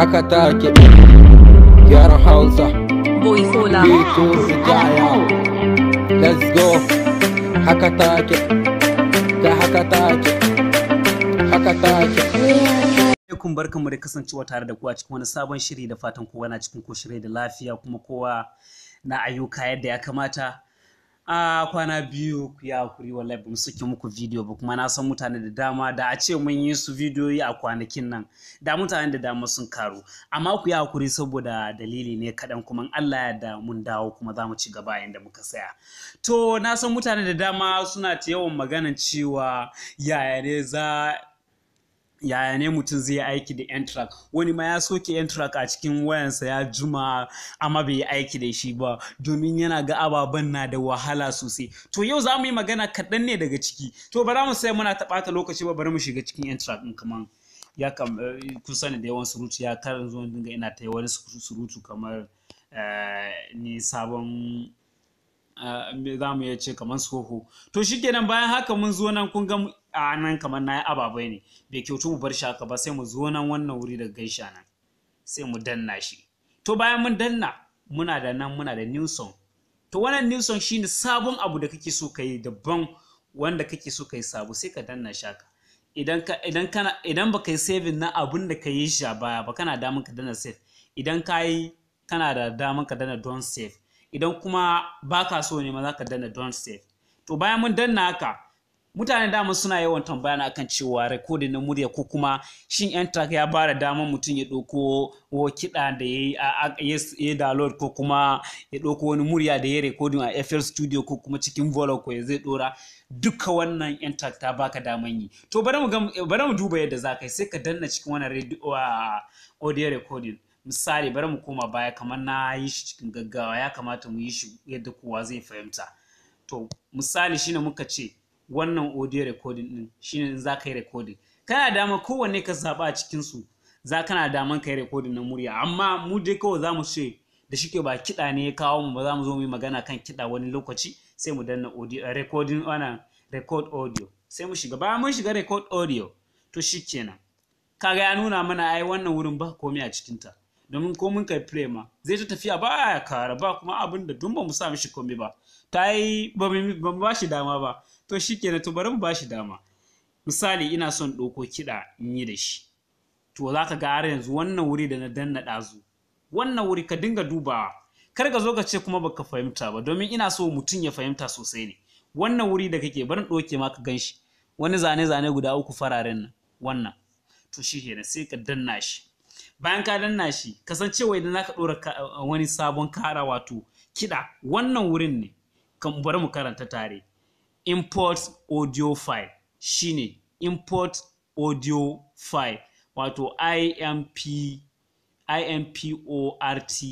haka take yaran hausa bito su let's go haka take da haka take haka take alaikum barkanmu da kasancewa tare da ku a cikin wani sabon shiri da fatan kowa na cikin koshirai da lafiya kuma kowa na ayyuka yadda ya kamata a kwana biyu ku yi hakuri wallahi bamu saki muku video ba kuma na san mutane da dama da a ce mun yi su bidiyoyi a kwanakin nan da mutane da dama sun karu amma ku yi hakuri saboda dalili ne kaɗan kuma Allah ya da mun dawo kuma za mu ci gaba inda muka saya to na san mutane da dama suna ta yawan maganan cewa yaya ne za yaya ne mutum zai yi aiki da entrak wani ma ya soke entrak a cikin wayansa ya juma amma bai yi aiki da shi ba domin yana ga ababen na da wahala sosai to yau za mu yi magana kaɗan ne daga ciki to ba za mu sai muna taɓata lokaci ba bari mu shiga cikin entrak ɗin kamar. ya kam eh, kun sani da yawan surutu ya karin zuwa dinga ina ta yi wani surutu kamar eh, ni sabon eh, za mu iya ce kamar soho to shi kenan bayan haka mun zo nan kun ga a nan kamar na yi ababai ne bai kyautu mu bar shaka ba sai mu zo nan wannan wuri da gaisha nan sai mu danna shi to bayan mun danna muna da nan muna da new song to wannan new song shine sabon abu da kake so kai daban wanda kake so kai sabu sai ka danna shaka haka idan ka idan kana idan baka yi saving na abun da ka shi a baya ba kana damun ka danna save idan ka kana da damar ka danna don't save idan kuma baka so ne ma za ka danna don't save to bayan mun danna haka mutane dama suna yawan tambaya akan cewa rekodin na murya ko kuma shin yan tak ya bada damar mutum ya ɗauko kiɗa da ya yi download ko kuma ya ɗauko wani murya da ya rekodin a FL studio ko kuma cikin volo ko ya zai ɗora duka wannan yan tak ta baka daman yi to bari mu duba yadda za ka yi sai ka danna cikin wannan audio recording misali bari mu koma baya kamar na yi shi cikin gaggawa ya kamata mu yi shi yadda kowa zai fahimta to misali shine muka ce wannan audio recording din shine in za ka yi recording kana dama kowanne ka zaba a cikinsu? su za kana daman ka yi recording na murya amma mu dai kawai za mu ce da shike ba kiɗa ne ya kawo mu ba za mu zo mu yi magana kan kiɗa wani lokaci sai mu danna audio eh, recording ana record audio sai mu shiga bayan mun shiga record audio to shi kenan, kaga ya nuna mana ai wannan wurin ba komai a cikin ta domin ko mun kai play ma zai ta tafiya ba ya kara ba kuma abin da dun ba mu sa mishi komai ba ta yi ba ba shi dama ba to shi kenan to bari mu shi dama misali ina son ɗauko kiɗa in yi da shi to za ka ga har yanzu wannan wuri da na danna ɗazu wannan wuri ka dinga dubawa kar ka zo ka ce kuma baka fahimta ba domin ina so mutum ya fahimta sosai ne wannan wuri da kake barin ɗauke ma ka ganshi wani zane-zane guda uku fararen nan wannan to shi kenan sai ka danna shi bayan ka danna shi kasancewa idan za ka ɗora wani sabon kara wato kiɗa wannan wurin ne kan bari mu karanta tare import audio file shine import audio file wato imp import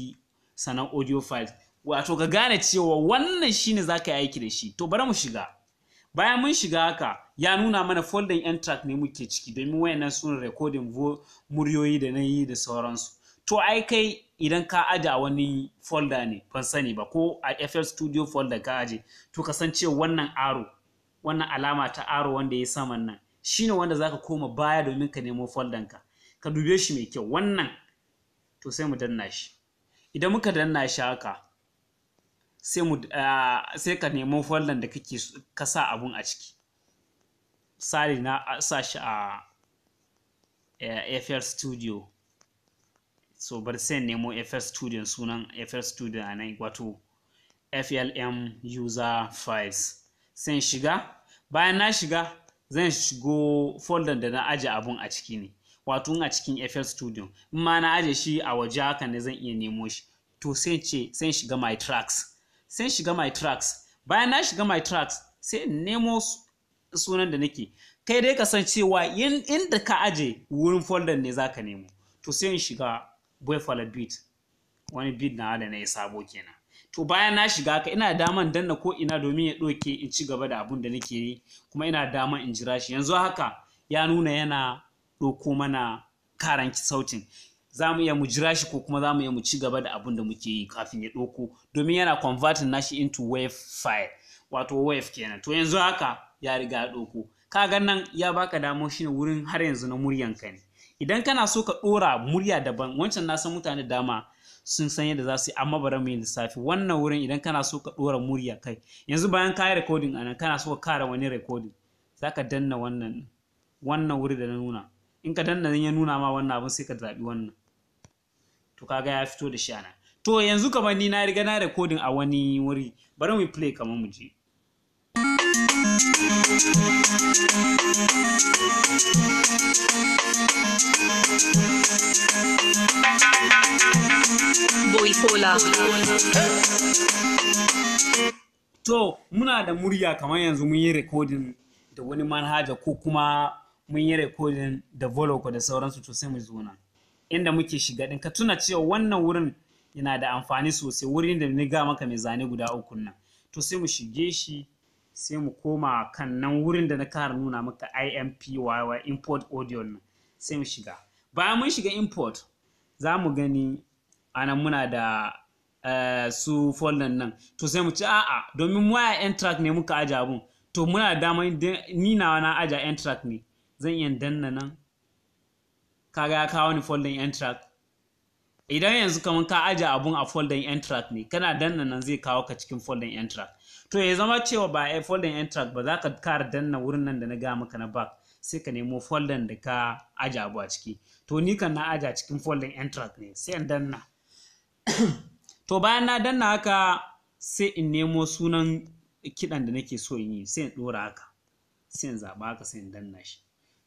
sannan audio file wato ka gane cewa wannan shine zaka ka yi aiki da shi to bari mu shiga bayan mun shiga haka ya nuna mana folder yan track ne muke ciki domin wayannan sun recording muryoyi da na yi da sauransu to ai kai idan ka aje a wani folder ne ban sani ba ko a FL Studio folder ka aje to ka san cewa wannan aro wannan alama ta aro wanda ya saman nan shine wanda zaka koma baya domin ka nemo folder ka ka dube shi mai kyau wannan to sai mu danna shi idan muka danna shi haka sai mu ah, sai ka nemo folder da kake ka sa abun a ciki sari na sa shi a eh, FL Studio so bari sai nemo fs studio sunan fs studio a nan wato flm user files sai shiga bayan na shiga zan shigo folder da na aje abun a ciki ne wato a cikin fl studio in ma na aje shi a waje haka ne zan iya nemo shi to sai ce sai shiga my tracks sai shiga my tracks bayan na shiga my tracks sai nemo sunan da nake kai dai ka san cewa inda ka aje wurin folder ne zaka nemo to sai in shiga boyfala beat wani beat na da na yi sabo kenan to bayan na shiga ka ina daman danna ko ina domin ya ɗauke in ci gaba da abun da nake yi kuma ina daman in jira shi yanzu haka ya nuna yana ɗauko mana karan sautin za mu iya mu jira shi ko kuma za mu iya mu ci gaba da abun da muke yi kafin ya ɗauko domin yana converting nashi into wave file wato wave kenan to yanzu haka ya riga ya ɗauko ka ga nan ya baka damo ne wurin har yanzu na muryanka ne idan kana so ka ɗora murya daban wancan na san mutane dama sun san yadda za su yi amma bari mu yi lissafi wannan wurin idan kana so ka dora murya kai yanzu bayan ka yi recording anan kana so ka kara wani recording za ka danna wannan wannan wuri da na nuna in ka danna ya nuna ma wannan abin sai ka zaɓi wannan to kaga ya fito da shi anan to yanzu kamar ni na riga na recording a wani wuri bari mu play kamar mu je So, To, muna da murya kamar yanzu mun yi rikodin da wani manhaja ko kuma mun yi rikodin da Voloko da sauransu to sai mu zo nan. Inda muke shiga ɗin, ka tuna cewa wannan wurin yana da amfani sosai wurin da ni ga maka mai zane guda uku nan. To sai mu shige shi sai mu koma kan nan wurin da na kara nuna maka impyy import audio nan sai mu shiga bayan mun shiga import za mu gani anan muna da eh, su folder nan to sai mu ci a'a domin waya yan track ne muka aja abun to muna da dama ni na na aja yan track ne zan iya danna nan kaga ya kawo ni folder yan track idan yanzu kamar ka aja abun a folder yan track ne kana danna nan zai kawo ka cikin folder yan track to ya zama cewa ba a folder yan track ba za ka kara danna wurin nan da na ga maka na back sai ka nemo folder da ka aja abu a ciki to ni kan na aja cikin folder yan track ne sai in danna to bayan na danna haka sai in nemo sunan kidan da nake so in yi sai in dora haka sai in zaba haka sai in danna shi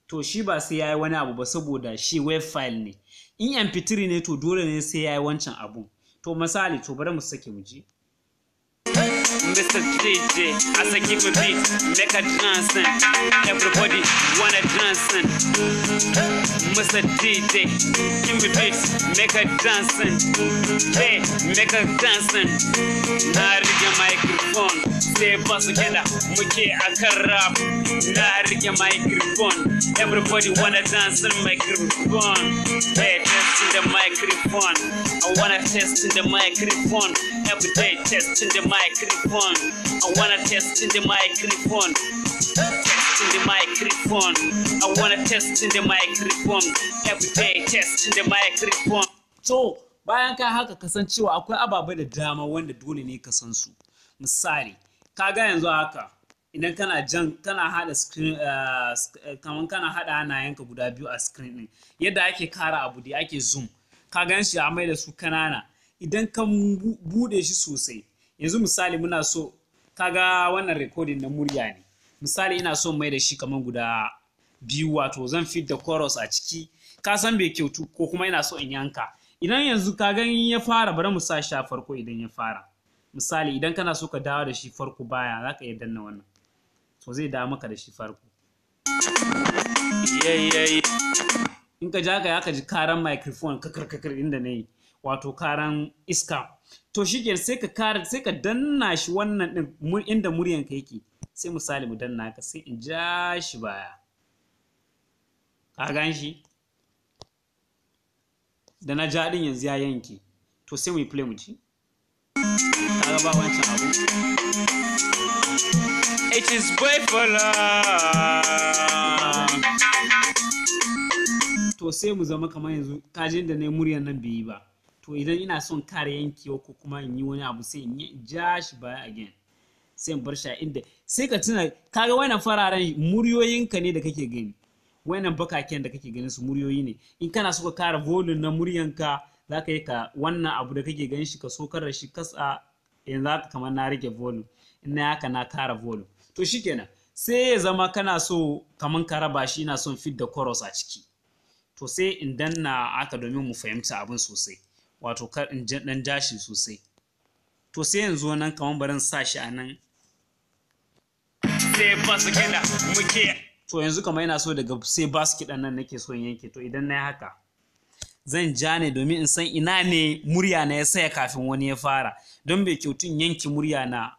to shi ba sai yayi wani abu ba saboda shi web file ne in mp3 ne to dole ne sai yayi wancan abu, to misali to bari mu sake mu je. hey! Mr. DJ. I say keep a beat, make a dancing. Everybody wanna dancing. Mr. DJ, keep me beat, make a dancing. Hey, make a dancing. Na rike microphone, stay basu together. muke akan rap. Na rike microphone, everybody wanna dancing microphone. Hey, testing the microphone. I wanna test the microphone. every day testing the microphone. I wanna test in the microphone. Testing the microphone. I wanna test in the microphone. Every day testing the microphone. So, bayan ka haka kasancewa akwai ababai da dama wanda dole ne ka san su. Misali, ka ga yanzu haka idan kana jan kana hada screen eh, eh, kaman kana hada hannayenka guda biyu a screen din yadda ake kara abu da ake zoom ka gan shi a mai da su kanana idan ka bude shi sosai yanzu misali muna so kaga wannan recording na murya ne misali ina so mai da shi kamar guda biyu wato zan fit da chorus a ciki ka san bai kyautu ko kuma ina so in yanka idan yanzu ka gani ya fara bari mu sa shi a farko idan ya fara misali idan kana so ka dawo da shi farko baya za ka iya danna wannan to zai dawo maka da shi farko in ka ja ka ya ka ji karan microphone kakar kakar inda na yi wato karan iska to shi sai ka kare sai ka danna shi wannan din inda muryan ka yake sai misali mu danna ka sai in ja shi baya ka gan shi da na ja din yanzu ya yanke to sai mu yi play mu ji ka ga ba wancan abu it is boy for love to sai mu zama kamar yanzu kajin da ne muryan nan bai yi ba to idan ina son kare yankewa ko kuma in yi wani abu sai in yi ja shi baya again sai in bar shi a inda sai ka tuna kaga wannan fararen muryoyinka ne da kake gani wannan bakaken da kake ganin su muryoyi ne in kana so ka kara volume na muryan za ka yi ka wannan abu da kake ganin shi ka so da shi kasa yanzu haka kamar na rage volume in na haka na kara volume to shikenan sai ya zama kana so kamar ka raba shi ina son fit da chorus a ciki to sai in danna haka domin mu fahimta abin sosai wato kar in dan dashi sosai to sai yanzu nan kamar barin sa shi a nan sai muke to yanzu kamar yana so daga sai basket ɗan nan nake so yanke to idan na yi haka zan ja ne domin in san ina ne murya na ya saya kafin wani ya fara don bai kyautun yanki murya na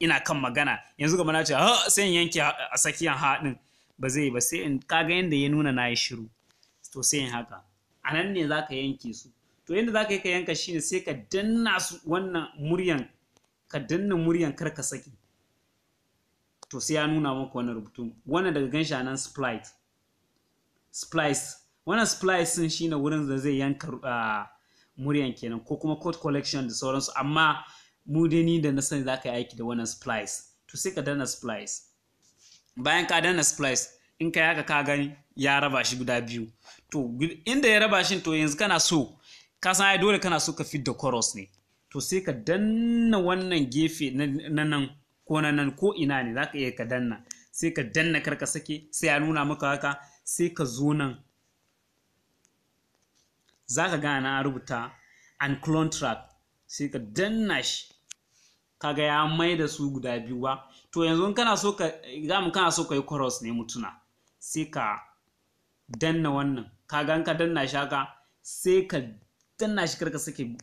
ina kan magana yanzu kamar na ce ha sai in yanke a tsakiyar haɗin ba zai ba sai in kaga yanda ya nuna na yi shiru to sai in haka a nan ne za ka yanke su to yadda za ka yi ka yanka shi ne sai ka danna su wannan muryan ka danna muryan kar ka saki to sai ya nuna maka wannan rubutu wannan daga ganshi a nan splice splice wannan splice shi ne wurin da zai yanka ah, muryan kenan ko kuma code collection da sauransu amma mu dai ni da na sani za ka yi aiki da wannan splice to sai ka danna splice bayan ka danna splice in ka yaka ka gani ya raba shi guda biyu to inda ya raba shi to yanzu kana so ka san ai dole kana so ka fit da chorus ne to sai ka danna wannan gefe na nan ko na nan ko ina ne zaka iya ka danna sai ka danna karka sake sai ya nuna maka haka sai ka zo nan zaka ga na rubuta unclone track sai ka danna shi kaga ya mai da su guda biyu ba to yanzu kana so ka zamu kana so ka yi chorus ne mutuna sai ka danna wannan kaga ka danna shi haka sai ka danna shi karka sake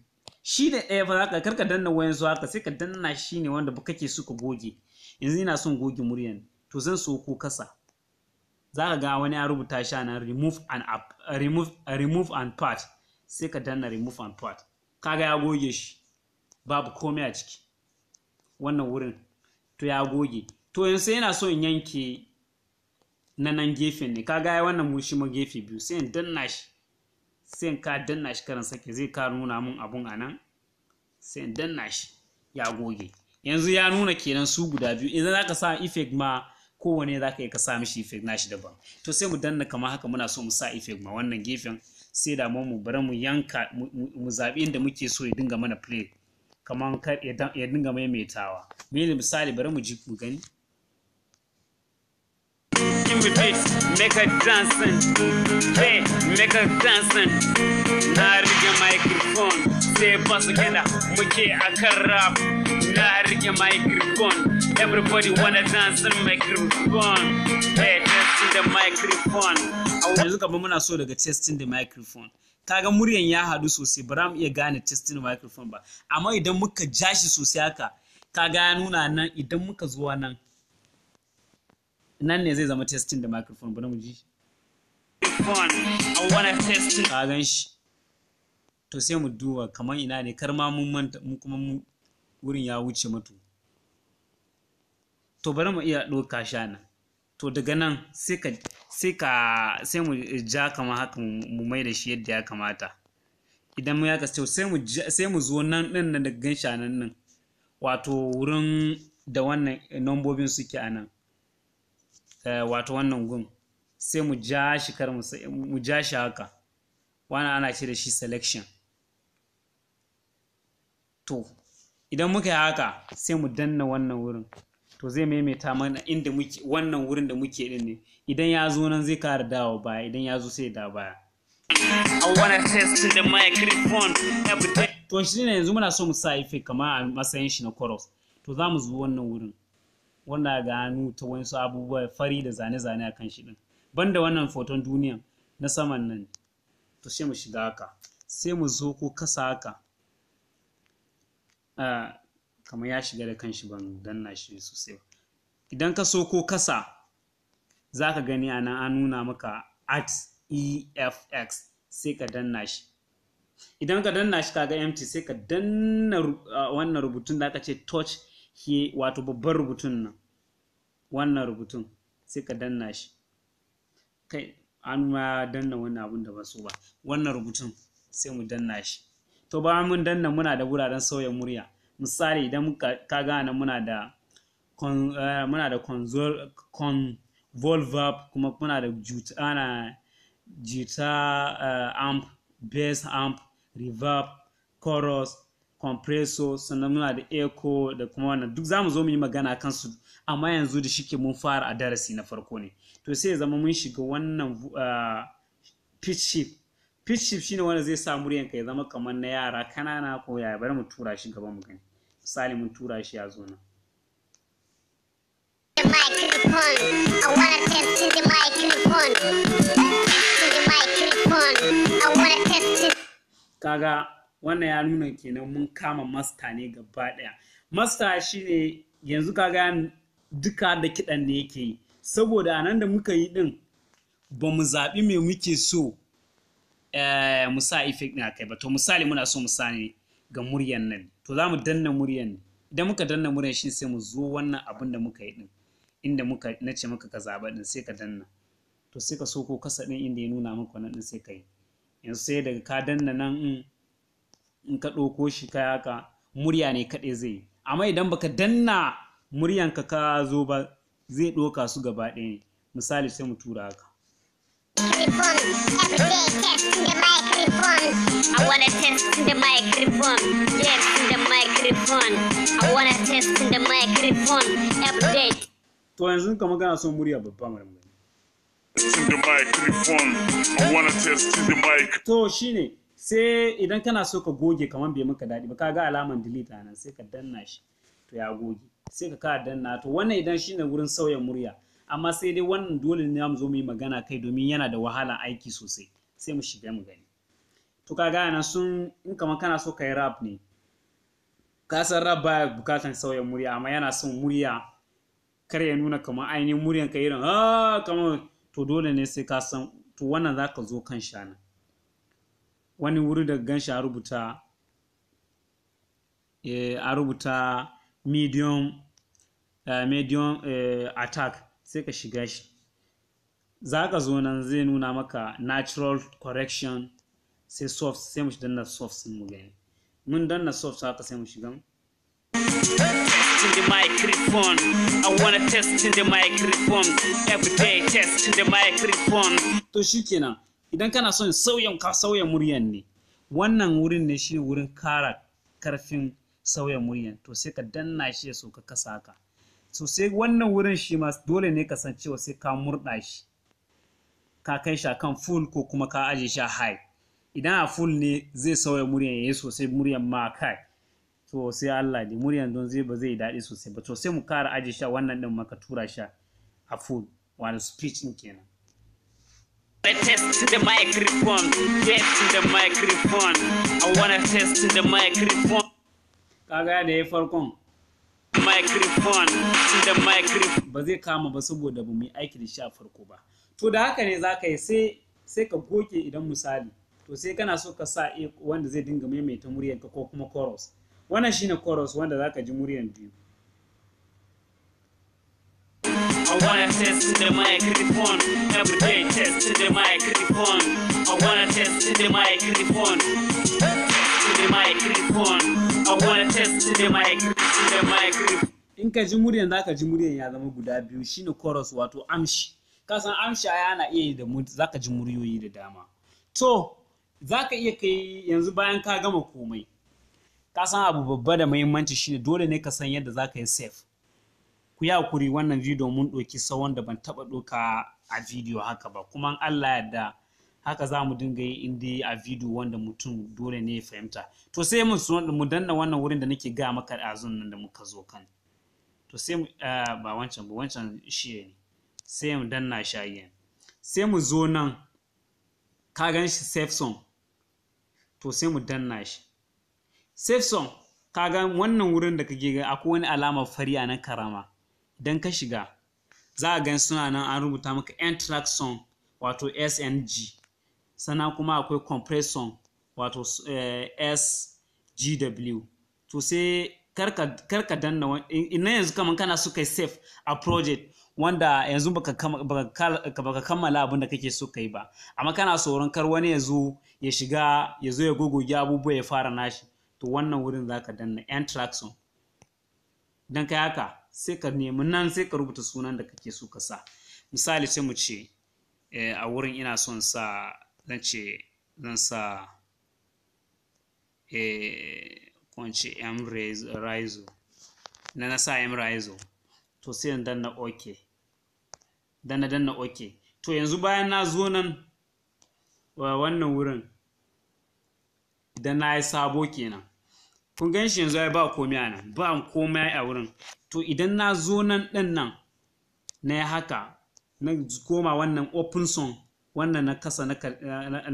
shi ne ɗaya ba ka karka danna wayan su haka sai ka danna shi ne wanda baka ke suka goge yanzu ina son goge muryan to zan so ko kasa za ka ga wani ya rubuta shi ana remove an up remove remove and part sai ka danna remove and part kaga ya goge shi babu komai a ciki wannan wurin to ya goge to yanzu yana so in yanke na nan gefen ne kaga ya wannan mu shi ma gefe biyu sai in danna shi sai ka danna shi karan sake zai ka nuna mun abun a nan sai danna shi ya goge yanzu ya nuna kenan su guda biyu idan za ka sa effect ma kowane za ka yi ka sa mishi effect nashi daban to sai mu danna kamar haka muna so mu sa effect ma wannan gefen sai da mu bari mu yanka mu zaɓi inda muke so ya dinga mana play kamar kar ya dinga maimaitawa mene misali bari mu ji mu gani make her dancing. Hey, make her dancing. Na rike microphone, sai basu gida muke akan rap. Na rike microphone, everybody wanna dance in microphone. Hey, testing the microphone. Yanzu kamar muna so daga testing the microphone. kaga muryan ya hadu sosai ba za mu iya gane testing microphone ba amma idan muka ja shi sosai haka kaga ya nuna nan idan muka zuwa nan nan ne zai zama testing da microphone bana mu ji shi ka gan shi to sai mu duba kamar ina ne kar ma mun manta mu kuma mu wurin ya wuce mutu to bari mu iya ɗauka sha nan to daga nan sai ka sai ka sai mu ja kamar haka mu mai da shi yadda ya kamata idan mu ya kasance sai mu sai mu zo nan din nan daga gan sha nan nan wato wurin da wannan nombobin suke a nan Eh, wato wannan gun sai mu ja shi kar mu ja shi haka wannan ana ce da shi selection to idan muka yi haka sai mu danna wannan wurin to zai maimaita mana inda muke wannan wurin da muke din ne idan ya zo nan zai kara dawo baya idan ya zo sai da baya to shi ne yanzu muna so mu sa ife kamar a matsayin shi na chorus to za mu zo wannan wurin wannan ga hannu ta wasu abubuwa fari da zane-zane a kan shi din da wannan foton duniya na saman nan to sai mu shiga haka sai mu zo ko kasa haka ah, kamar ya shiga da kanshi ban danna shi sosai idan ka so ko kasa za ka gani a nan an nuna maka at efx sai ka danna shi idan ka danna shi kaga empty sai ka danna ah, wannan rubutun da aka ce touch he wato babban rubutun nan wannan rubutun sai ka danna shi kai an ma danna wannan abun da ba so ba wannan rubutun sai mu danna shi to ba mun danna muna da wuraren sauya murya misali idan ka gane muna da eh, muna da convolve kuma muna da ana eh, amp bass amp reverb chorus compressor sannan muna da echo da kuma wannan duk zamu zo mu yi magana kan su amma yanzu da shike mun fara a darasi na farko ne to sai ya zama mun shiga wannan ah, pitch shift pitch shift shine wanda zai sa muryan ka ya zama kamar na yara kanana ko ya bari mu tura shi gaban mu gani misali mun tura shi ya zo nan kaga wannan ya nuna kenan mun kama masta ne gaba ɗaya masta shine yanzu kaga duka da kiɗan ne yake yi saboda a nan da muka yi ɗin ba mu zaɓi me muke so eh, mu sa effect ɗin kai ba to misali muna so mu sa ne ga muryan nan to za mu danna muryan ne idan muka danna muryan shi sai mu zo wannan abin da muka yi din. inda muka na ce maka ka zaɓa din sai ka danna to sai ka so ko kasa ɗin inda ya nuna maka wannan din sai ka yi yanzu sai daga ka danna nan in. in ka ɗauko shi ka yaka murya ne kaɗai zai amma idan baka danna muryan ka ka zo ba zai ɗauka su gaba ɗaya ne misali sai mu tura haka To yanzu ka magana son murya babba mara To shi ne. sai idan kana so ka goge kamar bai maka daɗi ba kaga alaman delete a nan sai ka danna shi to ya goge sai ka kawo danna to wannan idan shi ne wurin sauya murya amma sai dai wannan dole ne mu zo mu yi magana kai domin yana da wahala aiki sosai sai mu shiga mu gani to kaga nan sun in kamar kana so ka yi rap ne ka san rap baya bukatan sauya murya amma yana son murya kar ya nuna kamar ainihin muryan ka irin ah kamar to dole ne sai ka san to wannan za ka zo kan shana wani wuri da ganshi a rubuta eh, a rubuta medium eh, medium eh, attack sai ka shiga shi za ka zo nan zai nuna maka natural correction sai soft sai mu shi danna soft sun mu gani mun danna soft haka sai mu shiga testing the microphone. I wanna test in the microphone. Every day testing the microphone. To shikenan. idan kana son sauyan ka sauya muryan ne wannan wurin ne shine wurin kara karfin sauya muryan to sai ka danna shi ya soka ka so sai wannan wurin shi ma dole ne kasancewa sai ka murda shi ka kai shi kan full ko kuma ka aje shi a high idan a full ne zai sauya muryan yayi sosai muryan ma kai to sai Allah ne muryan don zai ba zai daɗi sosai ba to sai mu kara aje shi wannan din maka tura shi a full wani speech din kenan test the microphone, test the microphone. I wanna test the microphone. Ka gane farkon. Microphone, the microphone. Ba zai kama ba saboda ba mu yi aiki da shi a farko ba. To da haka ne za ka yi sai sai ka goke idan misali. To sai kana so ka sa wanda zai dinga maimaita muryanka ko kuma chorus. Wannan shine chorus wanda za ka ji muryar biyu. I wanna test the microphone. Every day test the microphone. I wanna test the microphone. The microphone. I wanna test the microphone. The microphone. In ka ji muryan za ka ji muryan ya zama guda biyu shine chorus wato amshi. Ka san amshi ana iya yi da za ka ji muryoyi da dama. To, za ka iya kai yanzu bayan ka gama komai. Ka san abu babba da muhimmanci shine dole ne ka san yadda za ka yi safe. ku ya hakuri wannan video mun ɗauki sawon da ban taɓa ɗoka a video haka ba kuma Allah yadda haka za mu dinga yi inda a video wanda mutum dole ne ya fahimta to sai mu danna wannan wurin da nake ga maka azun nan da muka zo kan to sai mu ba wancan ba wancan shi ne sai mu danna shi sai mu zo nan ka gan shi safe song to sai mu danna shi safe song ka gan wannan wurin da kake ga akwai wani alama fari a nan karama don ka shiga za a gani suna nan an rubuta maka n song wato sng Sana kuma akwai compress song wato eh, sgw to sai karka danna ina yanzu kamar kana suka a project wanda yanzu baka kammala abin da kake so kai ba amma kana tsoron kar wani ya ya shiga ya zo ya gogoge abubuwa ya fara nashi to wannan wurin zaka danna n track song dan haka sai ka nemi nan sai ka rubuta sunan da kake so ka sa misali sai mu ce eh, a wurin ina son sa zan ce zan sa eh, kwanci m rizo na na sa m rizo to sai yan danna ok danna danna ok to yanzu bayan na zo nan wannan wurin idan na yi sabo kenan kun gan shi yanzu ya ba komai a nan ba komai a wurin to idan na zo nan ɗin nan na yi haka na koma wannan open song wannan na kasa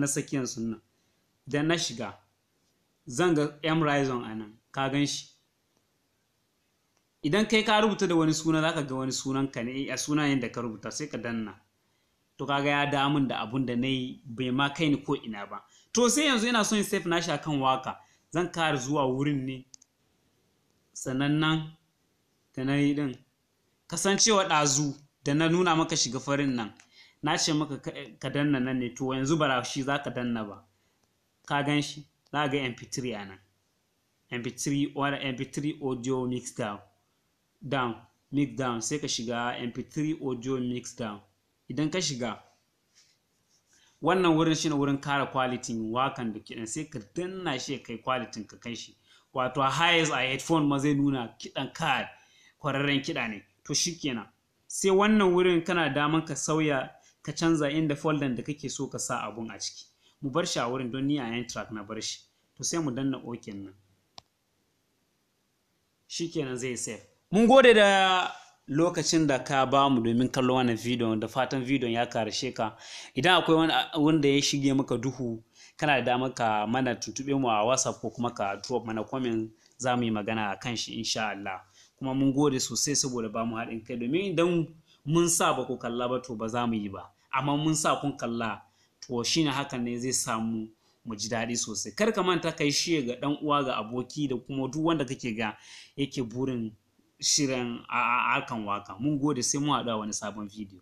na tsakiyar sunan idan na shiga zan ga m rizon a nan ka gan shi idan kai ka rubuta da wani suna za ka ga wani sunan ka ne a eh, sunayen da ka rubuta sai ka danna to kaga ya damun da abun da na yi bai ma kai ni ko ina ba to sai yanzu ina son shi a kan waka zan kara zuwa wurin ne sanannen. da na yi din kasancewa ɗazu da na nuna maka shiga farin nan na ce maka ka danna nan ne to yanzu ba shi za ka danna ba ka gan shi za ga mp3 a nan mp3 mp3 audio mix down down mix down sai ka shiga mp3 audio mix down idan ka shiga wannan wurin shine wurin kara kwalitin wakan da kiɗan sai ka danna shi kai kwalitin ka kai shi wato highest a headphone ma zai nuna kiɗan kai kwararren kiɗa ne to shi shikenan sai wannan wurin kana daman ka sauya ka canza inda folder da kake so ka sa abun a ciki mu bar shi a wurin don ni a yan track na bar shi to sai mu danna ok nan Shi shikenan zai save mun gode da lokacin da ka ba mu domin kallon wannan video da fatan bidiyon ya karshe ka idan akwai wanda ya shige maka duhu kana da damar ka mana tuntube mu a whatsapp ko kuma ka drop mana comment za yi magana a kan shi insha Allah kuma mun gode sosai saboda ba mu haɗin kai domin idan mun sa ba ku kalla ba to ba za mu yi ba amma mun sa kun kalla to shine hakan ne zai samu mu ji daɗi sosai kar ka manta kai shi ga ɗan uwa ga aboki da kuma duk wanda kake ga yake burin shirin a harkan waka mun gode sai mu haɗu a wani sabon bidiyo